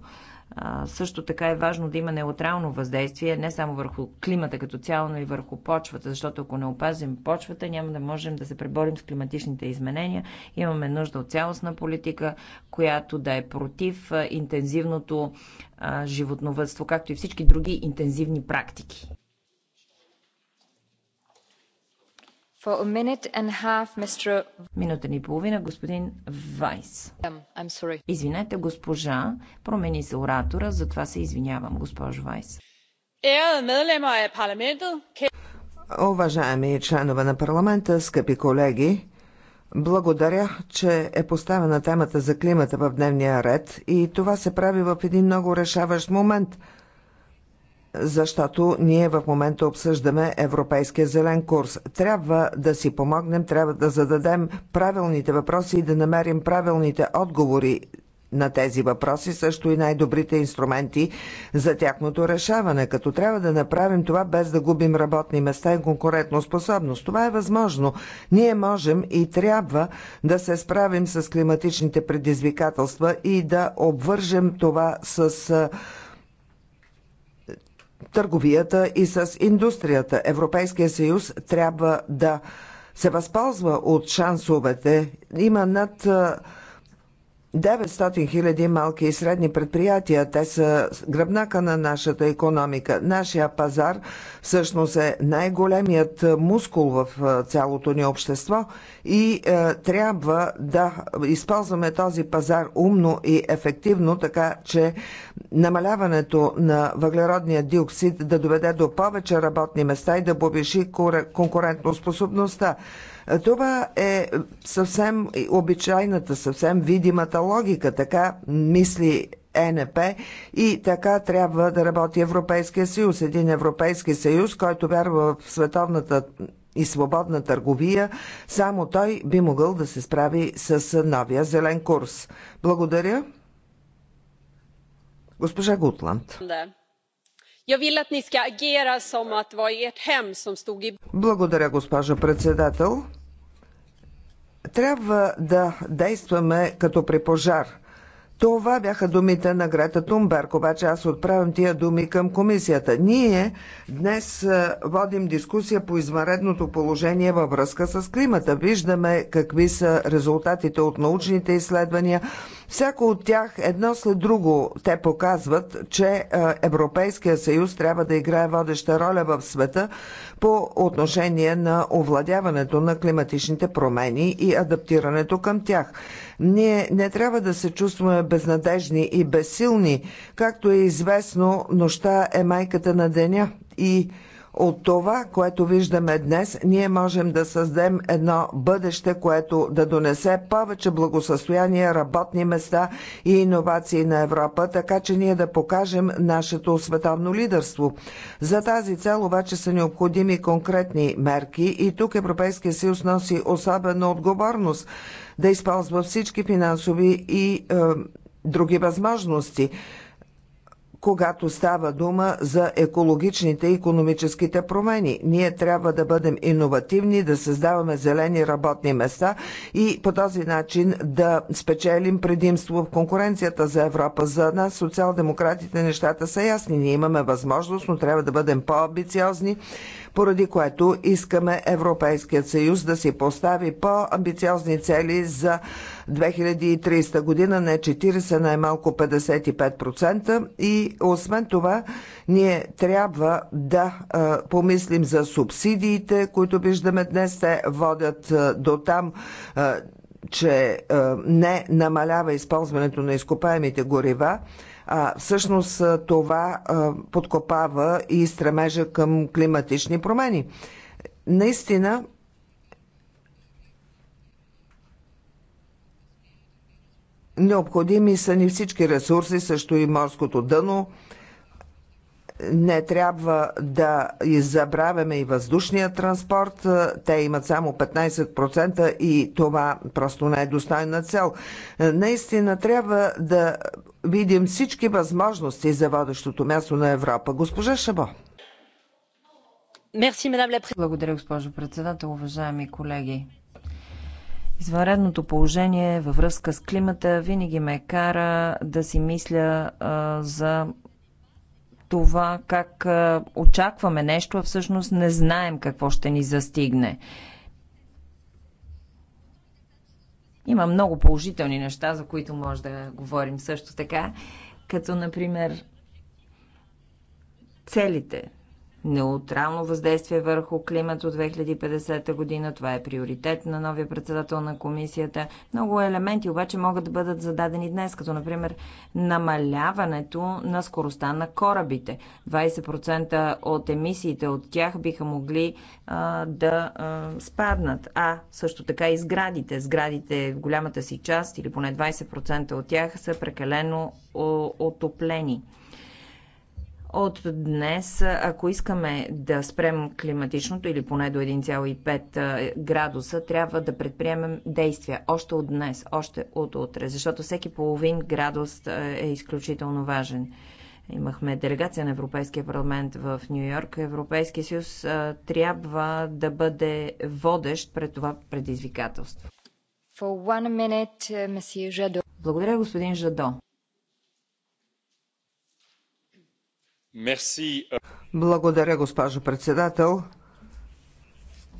Също така е важно да има неутрално въздействие не само върху климата като цяло, но и върху почвата, защото ако не опазим почвата, няма да можем да се преборим с климатичните изменения. Имаме нужда от цялостна политика, която да е против интензивното животновътство, както и всички други интензивни практики. Минута и половина, господин Вайс. Um, Извинете, госпожа, промени се оратора, затова се извинявам, госпожо Вайс. Уважаеми членове на парламента, скъпи колеги, благодаря, че е поставена темата за климата в дневния ред и това се прави в един много решаващ момент – защото ние в момента обсъждаме Европейския зелен курс. Трябва да си помогнем, трябва да зададем правилните въпроси и да намерим правилните отговори на тези въпроси, също и най-добрите инструменти за тяхното решаване, като трябва да направим това без да губим работни места и конкурентно способност. Това е възможно. Ние можем и трябва да се справим с климатичните предизвикателства и да обвържем това с търговията и с индустрията. Европейския съюз трябва да се възползва от шансовете. Има над 900 хиляди малки и средни предприятия. Те са гръбнака на нашата економика. Нашия пазар всъщност е най-големият мускул в цялото ни общество и е, трябва да използваме този пазар умно и ефективно, така че намаляването на въглеродния диоксид да доведе до повече работни места и да повиши конкурентоспособността. Това е съвсем обичайната, съвсем видимата логика. Така мисли ЕНП и така трябва да работи Европейския съюз. Един Европейски съюз, който вярва в световната и свободна търговия, само той би могъл да се справи с новия зелен курс. Благодаря. Госпожа Гутланд. Благодаря, госпожо председател. Трябва да действаме като при пожар. Това бяха думите на Грета Тумберг, обаче аз отправям тия думи към комисията. Ние днес водим дискусия по измаредното положение във връзка с климата. Виждаме какви са резултатите от научните изследвания, Всяко от тях едно след друго те показват, че Европейския съюз трябва да играе водеща роля в света по отношение на овладяването на климатичните промени и адаптирането към тях. Ние не трябва да се чувстваме безнадежни и безсилни, както е известно, нощта е майката на деня и от това, което виждаме днес, ние можем да създадем едно бъдеще, което да донесе повече благосъстояние, работни места и иновации на Европа, така че ние да покажем нашето световно лидерство. За тази цел обаче са необходими конкретни мерки и тук Европейския съюз носи особена отговорност да използва всички финансови и е, други възможности когато става дума за екологичните и економическите промени. Ние трябва да бъдем иновативни, да създаваме зелени работни места и по този начин да спечелим предимство в конкуренцията за Европа. За нас, социал-демократите, нещата са ясни. Ние имаме възможност, но трябва да бъдем по-амбициозни поради което искаме Европейският съюз да си постави по-амбициозни цели за 2030 година не 40, най-малко 55% и освен това ние трябва да помислим за субсидиите, които виждаме днес. Те водят до там че не намалява използването на изкопаемите горива, а всъщност това подкопава и стремежа към климатични промени. Наистина, Необходими са ни всички ресурси, също и морското дъно. Не трябва да забравяме и въздушния транспорт. Те имат само 15% и това просто не е достойна цел. Наистина трябва да видим всички възможности за водещото място на Европа. Госпожа Шабо. Благодаря, госпожо председател, уважаеми колеги. Извънредното положение във връзка с климата винаги ме кара да си мисля а, за това как а, очакваме нещо, а всъщност не знаем какво ще ни застигне. Има много положителни неща, за които може да говорим също така, като например целите, неутрално въздействие върху климат от 2050 година. Това е приоритет на новия председател на комисията. Много елементи обаче могат да бъдат зададени днес, като например намаляването на скоростта на корабите. 20% от емисиите от тях биха могли а, да а, спаднат. А също така и сградите. Сградите в голямата си част или поне 20% от тях са прекалено отоплени от днес, ако искаме да спрем климатичното или поне до 1,5 градуса, трябва да предприемем действия още от днес, още от утре, защото всеки половин градус е изключително важен. Имахме делегация на Европейския парламент в Нью Йорк. Европейския съюз трябва да бъде водещ пред това предизвикателство. Minute, uh, Благодаря, господин Жадо. Euh, Благодаря, госпожо председател.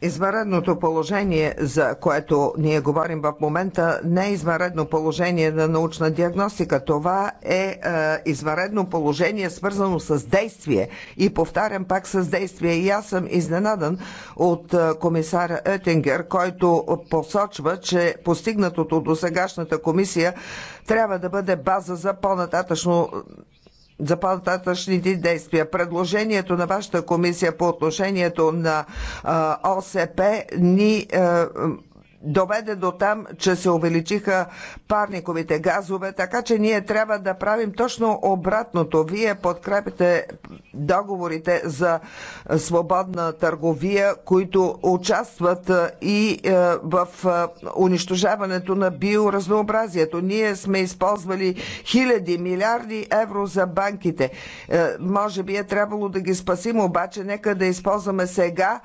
Извънредното положение, за което ние говорим в момента, не е извънредно положение на научна диагностика. Това е, е извънредно положение, свързано с действие. И повтарям пак с действие. И аз съм изненадан от е, комисара Етингер, който посочва, че постигнатото до сегашната комисия трябва да бъде база за по-нататъчно за по-нататъчните действия. Предложението на вашата комисия по отношението на ОСП ни доведе до там, че се увеличиха парниковите газове, така че ние трябва да правим точно обратното. Вие подкрепите договорите за свободна търговия, които участват е, и е, в е, унищожаването на биоразнообразието. Ние сме използвали хиляди, милиарди евро за банките. Може би е трябвало да ги спасим, обаче нека да използваме сега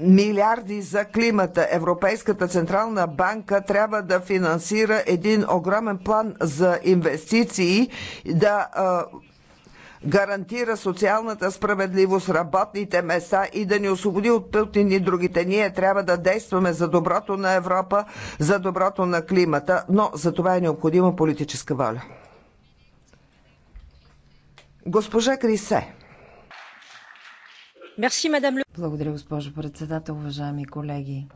милиарди за климата. Европейската централна банка трябва да финансира един огромен план за инвестиции, да гарантира социалната справедливост, работните места и да ни освободи от Путин и другите. Ние трябва да действаме за доброто на Европа, за доброто на климата, но за това е необходима политическа воля. Госпожа Крисе. Благодаря, госпожо председател, уважаеми колеги.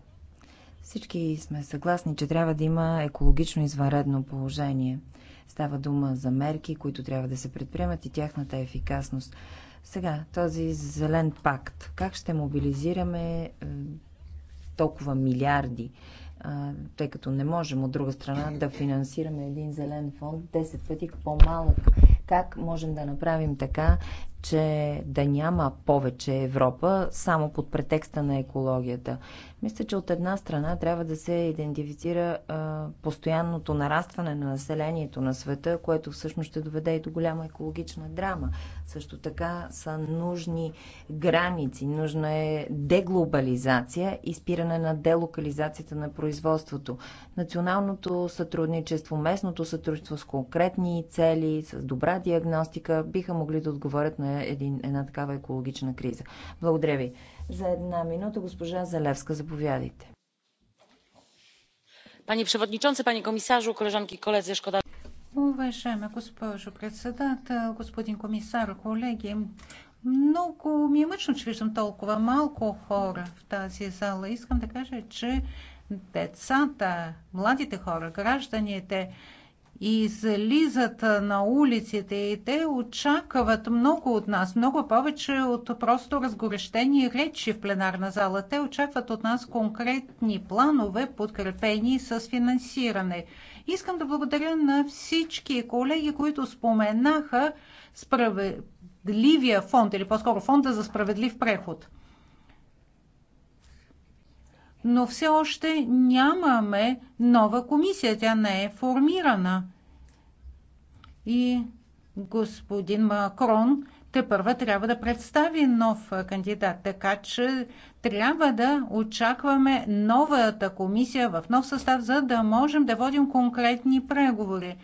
Всички сме съгласни, че трябва да има екологично извънредно положение. Става дума за мерки, които трябва да се предприемат и тяхната ефикасност. Сега, този зелен пакт. Как ще мобилизираме е, толкова милиарди? Е, тъй като не можем от друга страна да финансираме един зелен фонд 10 пъти по-малък. Как можем да направим така, че да няма повече Европа само под претекста на екологията. Мисля, че от една страна трябва да се идентифицира а, постоянното нарастване на населението на света, което всъщност ще доведе и до голяма екологична драма. Също така са нужни граници, нужна е деглобализация и спиране на делокализацията на производството. Националното сътрудничество, местното сътрудничество с конкретни цели, с добра диагностика биха могли да отговорят на един, една такава екологична криза. Благодаря ви. За една минута госпожа Залевска, заповядайте. Пани przewodniczący, пани komisarzu, колежанки и koledzy, шкода... Уважаема госпожо председател, господин комисар, колеги, много ми е мъчно, че виждам толкова малко хора в тази зала. Искам да кажа, че децата, младите хора, гражданите, и излизат на улиците и те очакват много от нас, много повече от просто разгорещени речи в пленарна зала. Те очакват от нас конкретни планове, подкрепени с финансиране. Искам да благодаря на всички колеги, които споменаха справедливия фонд или по-скоро фонда за справедлив преход но все още нямаме нова комисия. Тя не е формирана. И господин Макрон те първа трябва да представи нов кандидат, така че трябва да очакваме новата комисия в нов състав, за да можем да водим конкретни преговори.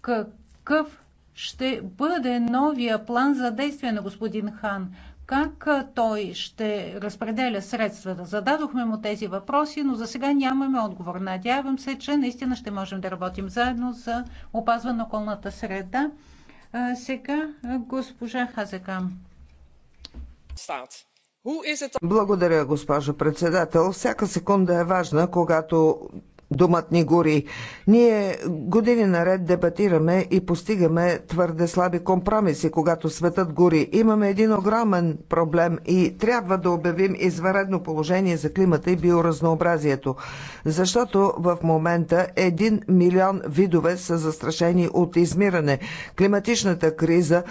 Какъв ще бъде новия план за действие на господин Хан? как той ще разпределя средствата. Зададохме му тези въпроси, но за сега нямаме отговор. Надявам се, че наистина ще можем да работим заедно за опазване на околната среда. Сега госпожа Хазекам. Благодаря, госпожо председател. Всяка секунда е важна, когато Думът ни гори. Ние години наред дебатираме и постигаме твърде слаби компромиси, когато светът гори. Имаме един огромен проблем и трябва да обявим изваредно положение за климата и биоразнообразието, защото в момента един милион видове са застрашени от измиране. Климатичната криза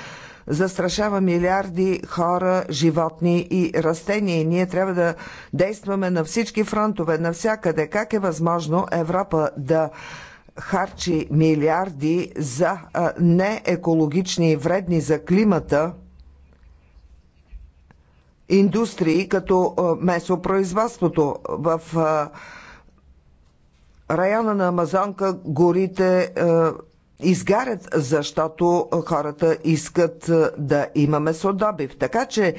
застрашава милиарди хора, животни и растения. и Ние трябва да действаме на всички фронтове, навсякъде. Как е възможно Европа да харчи милиарди за неекологични и вредни за климата индустрии, като месопроизводството в района на Амазонка горите изгарят, защото хората искат е, да имаме месодобив. Така че е,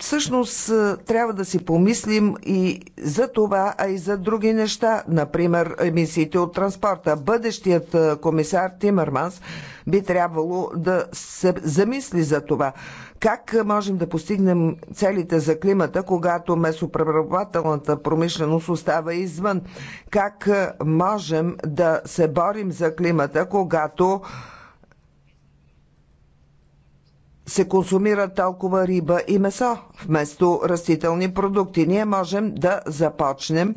всъщност е, трябва да си помислим и за това, а и за други неща, например емисиите от транспорта. Бъдещият комисар Тимърманс би трябвало да се замисли за това. Как можем да постигнем целите за климата, когато месопреработвателната промишленост остава извън? Как можем да се борим за климата, когато се консумира толкова риба и месо вместо растителни продукти. Ние можем да започнем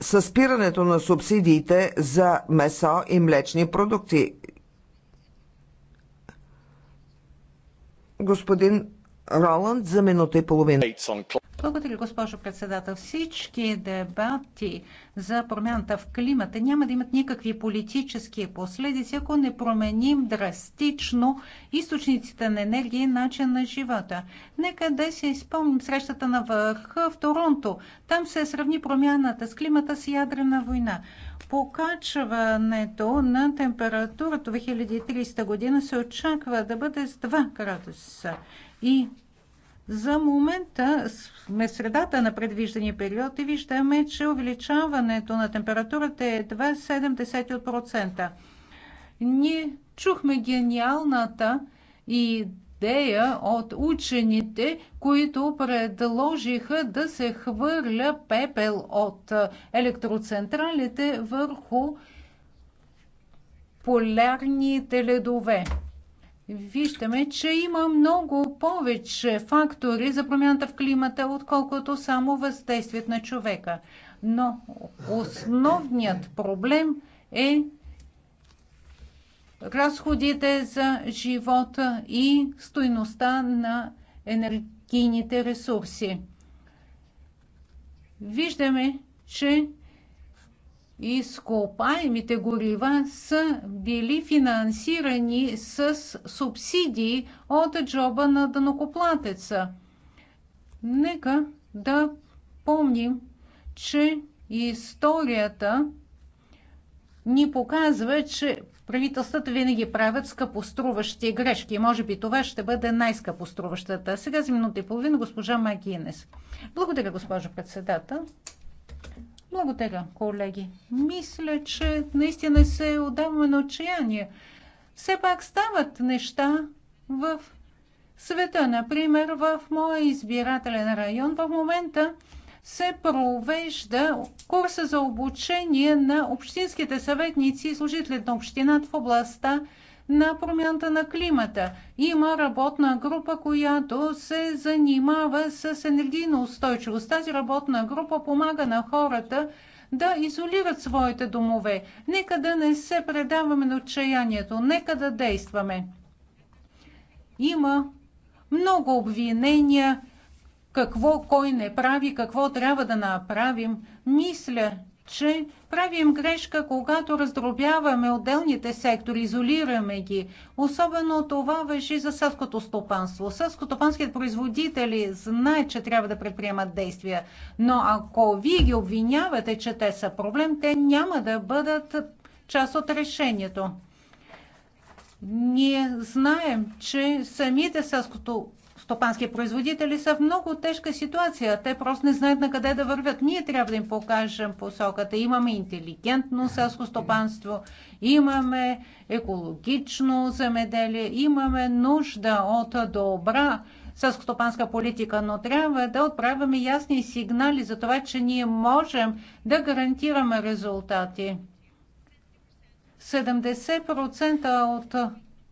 с спирането на субсидиите за месо и млечни продукти. господин Роланд за минута и половина. Благодаря, госпожо председател. Всички дебати за промяната в климата няма да имат никакви политически последици, ако не променим драстично източниците на енергия и начин на живота. Нека да се изпълним срещата на върха в Торонто. Там се сравни промяната с климата с ядрена война. Покачването на температурата 2300 година се очаква да бъде с 2 градуса. И за момента сме средата на предвиждания период и виждаме, че увеличаването на температурата е 2,7%. Ние чухме гениалната идея от учените, които предложиха да се хвърля пепел от електроцентралите върху полярните ледове виждаме, че има много повече фактори за промяната в климата, отколкото само въздействието на човека. Но основният проблем е разходите за живота и стойността на енергийните ресурси. Виждаме, че изкопаемите горива са били финансирани с субсидии от джоба на данокоплатеца. Нека да помним, че историята ни показва, че правителствата винаги правят скъпоструващи грешки. Може би това ще бъде най-скъпоструващата. Сега за минута и половина госпожа Магинес. Благодаря, госпожо председател. Благодаря, колеги. Мисля, че наистина се отдаваме на отчаяние. Все пак стават неща в света. Например, в моя избирателен район в момента се провежда курса за обучение на общинските съветници и служителите на общината в областта на промяната на климата. Има работна група, която се занимава с енергийна устойчивост. Тази работна група помага на хората да изолират своите домове. Нека да не се предаваме на отчаянието, нека да действаме. Има много обвинения какво кой не прави, какво трябва да направим. Мисля, че правим грешка, когато раздробяваме отделните сектори, изолираме ги. Особено това въжи за сърското стопанство. Сърскотопанските производители знаят, че трябва да предприемат действия, но ако вие ги обвинявате, че те са проблем, те няма да бъдат част от решението. Ние знаем, че самите сърското стопански производители са в много тежка ситуация. Те просто не знаят на къде да вървят. Ние трябва да им покажем посоката. Имаме интелигентно селско стопанство, имаме екологично замеделие, имаме нужда от добра селскостопанска политика, но трябва да отправяме ясни сигнали за това, че ние можем да гарантираме резултати. 70% от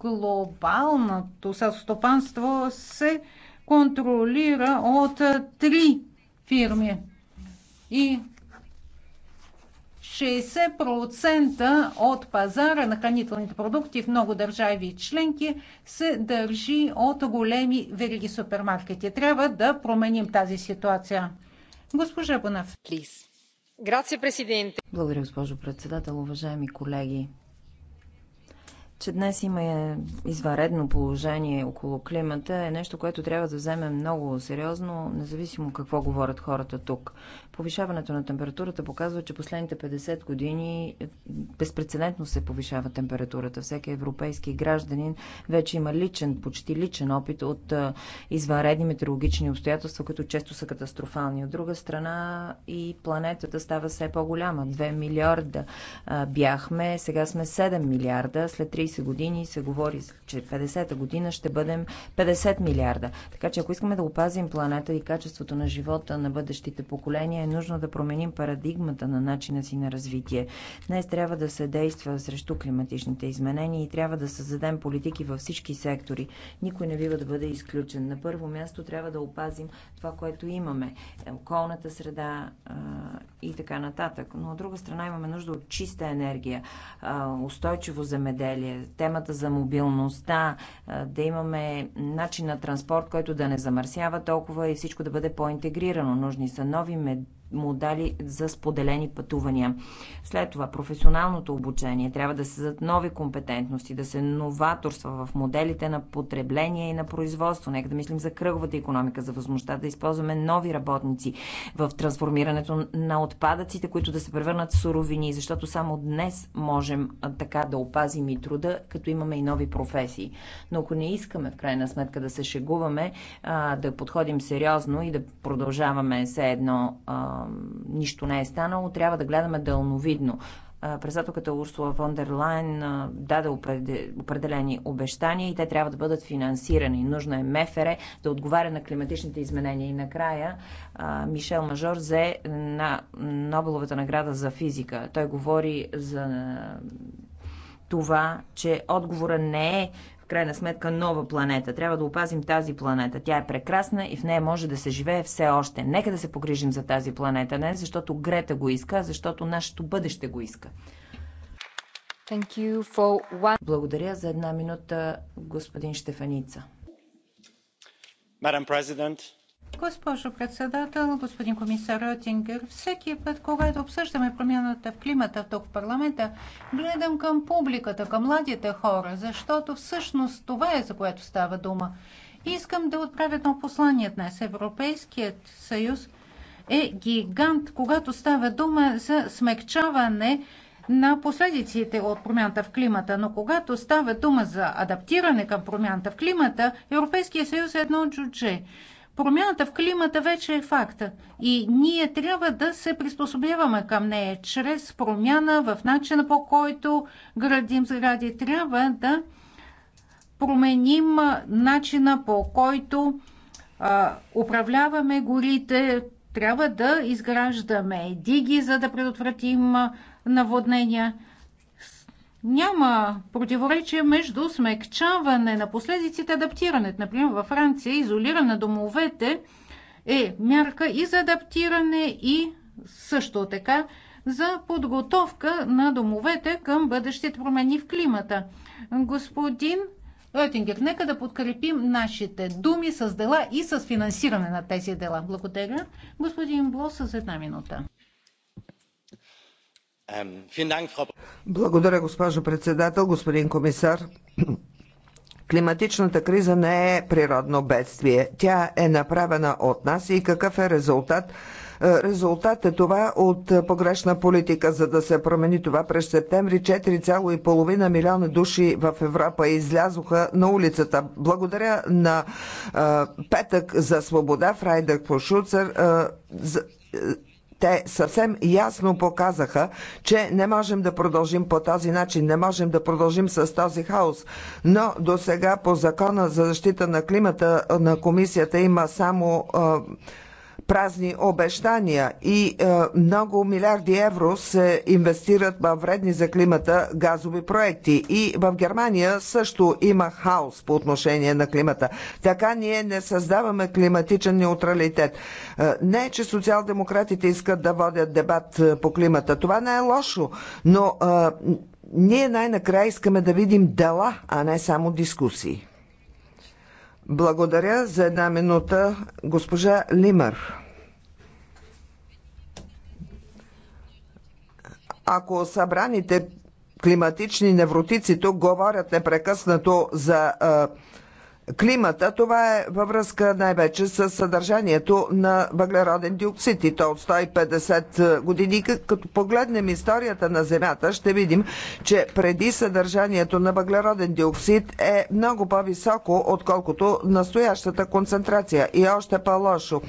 глобалното селскостопанство се контролира от три фирми. И 60% от пазара на хранителните продукти в много държави и членки се държи от големи вериги супермаркети. Трябва да променим тази ситуация. Госпожа Бонаф. Благодаря, госпожо председател. Уважаеми колеги, че днес има е, извънредно положение около климата е нещо, което трябва да вземем много сериозно, независимо какво говорят хората тук. Повишаването на температурата показва, че последните 50 години е, безпредседентно се повишава температурата. Всеки европейски гражданин вече има личен, почти личен опит от е, извънредни метеорологични обстоятелства, които често са катастрофални. От друга страна и планетата става все по-голяма. 2 милиарда бяхме, сега сме 7 милиарда, след 30 30 години се говори, че 50-та година ще бъдем 50 милиарда. Така че ако искаме да опазим планета и качеството на живота на бъдещите поколения, е нужно да променим парадигмата на начина си на развитие. Днес трябва да се действа срещу климатичните изменения и трябва да създадем политики във всички сектори. Никой не бива да бъде изключен. На първо място трябва да опазим това, което имаме. Околната среда и така нататък. Но от друга страна имаме нужда от чиста енергия, устойчиво земеделие, темата за мобилността, да имаме начин на транспорт, който да не замърсява толкова и всичко да бъде по-интегрирано. Нужни са нови методи модели за споделени пътувания. След това професионалното обучение трябва да се създадат нови компетентности, да се новаторства в моделите на потребление и на производство. Нека да мислим за кръговата економика, за възможността да използваме нови работници в трансформирането на отпадъците, които да се превърнат в суровини, защото само днес можем така да опазим и труда, като имаме и нови професии. Но ако не искаме в крайна сметка да се шегуваме, да подходим сериозно и да продължаваме все едно а, нищо не е станало, трябва да гледаме дълновидно. Председателката Урсула фон дер Лайн даде определени обещания и те трябва да бъдат финансирани. Нужно е МЕФЕРЕ да отговаря на климатичните изменения. И накрая Мишел Мажор взе на Нобеловата награда за физика. Той говори за това, че отговора не е в крайна сметка нова планета. Трябва да опазим тази планета. Тя е прекрасна и в нея може да се живее все още. Нека да се погрижим за тази планета. Не защото Грета го иска, а защото нашето бъдеще го иска. Thank you for one... Благодаря за една минута, господин Штефаница. Madam President, Госпожо председател, господин комисар Ротингер, всеки път, когато обсъждаме промяната в климата тук в парламента, гледам към публиката, към младите хора, защото всъщност това е за което става дума. Искам да отправя едно послание днес. Европейският съюз е гигант, когато става дума за смекчаване на последиците от промяната в климата, но когато става дума за адаптиране към промяната в климата, Европейския съюз е едно джудже. Промяната в климата вече е факта и ние трябва да се приспособяваме към нея чрез промяна в начина по който градим сгради. Трябва да променим начина по който а, управляваме горите. Трябва да изграждаме диги, за да предотвратим наводнения няма противоречие между смекчаване на последиците и адаптирането. Например, във Франция изолиране на домовете е мярка и за адаптиране, и също така за подготовка на домовете към бъдещите промени в климата. Господин Ротингер, нека да подкрепим нашите думи с дела и с финансиране на тези дела. Благодаря. Господин Блос, за една минута. Благодаря, госпожо председател, господин комисар. Климатичната криза не е природно бедствие. Тя е направена от нас и какъв е резултат? Е, резултат е това от е, погрешна политика. За да се промени това през септември 4,5 милиона души в Европа излязоха на улицата. Благодаря на е, Петък за свобода, Фрайдък по за, те съвсем ясно показаха, че не можем да продължим по този начин, не можем да продължим с този хаос. Но до сега по закона за защита на климата на комисията има само празни обещания и е, много милиарди евро се инвестират във вредни за климата газови проекти. И в Германия също има хаос по отношение на климата. Така ние не създаваме климатичен неутралитет. Е, не, че социал-демократите искат да водят дебат е, по климата. Това не е лошо, но е, ние най-накрая искаме да видим дела, а не само дискусии. Благодаря за една минута, госпожа Лимър. Ако събраните климатични невротици тук говорят непрекъснато за а, климата. Това е във връзка най-вече с съдържанието на въглероден диоксид и то от 150 е, години. Като погледнем историята на Земята, ще видим, че преди съдържанието на въглероден диоксид е много по-високо, отколкото настоящата концентрация. И още по-лошо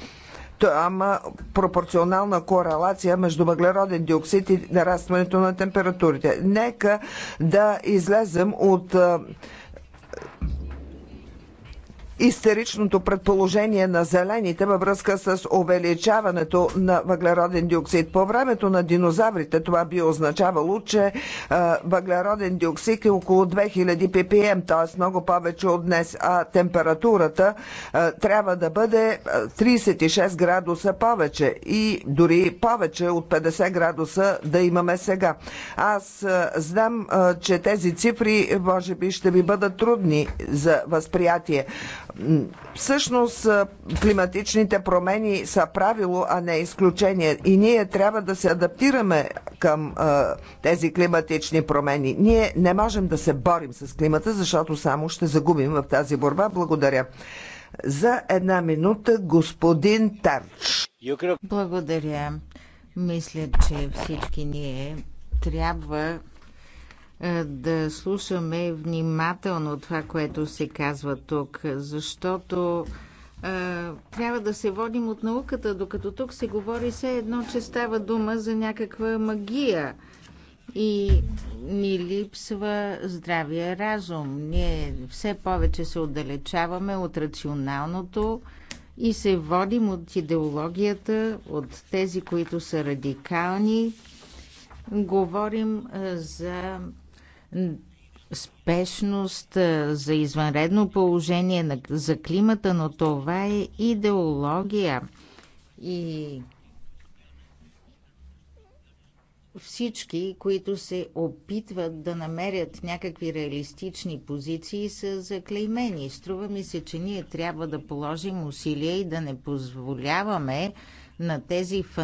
ама пропорционална корелация между въглероден диоксид и нарастването на температурите. Нека да излезем от е, истеричното предположение на зелените във връзка с увеличаването на въглероден диоксид. По времето на динозаврите това би означавало, че е, въглероден диоксид е около 2000 ppm, т.е. много повече от днес, а температурата е, трябва да бъде 36 е, градуса повече и дори повече от 50 градуса да имаме сега. Аз знам, че тези цифри може би ще ви бъдат трудни за възприятие. Всъщност климатичните промени са правило, а не изключение. И ние трябва да се адаптираме към а, тези климатични промени. Ние не можем да се борим с климата, защото само ще загубим в тази борба. Благодаря. За една минута господин Тарч. Благодаря. Мисля, че всички ние трябва е, да слушаме внимателно това, което се казва тук, защото е, трябва да се водим от науката, докато тук се говори все едно, че става дума за някаква магия и ни липсва здравия разум. Ние все повече се отдалечаваме от рационалното и се водим от идеологията, от тези, които са радикални. Говорим е, за спешност, за извънредно положение, за климата, но това е идеология. И всички, които се опитват да намерят някакви реалистични позиции, са заклеймени. Струва ми се, че ние трябва да положим усилия и да не позволяваме на тези фантазии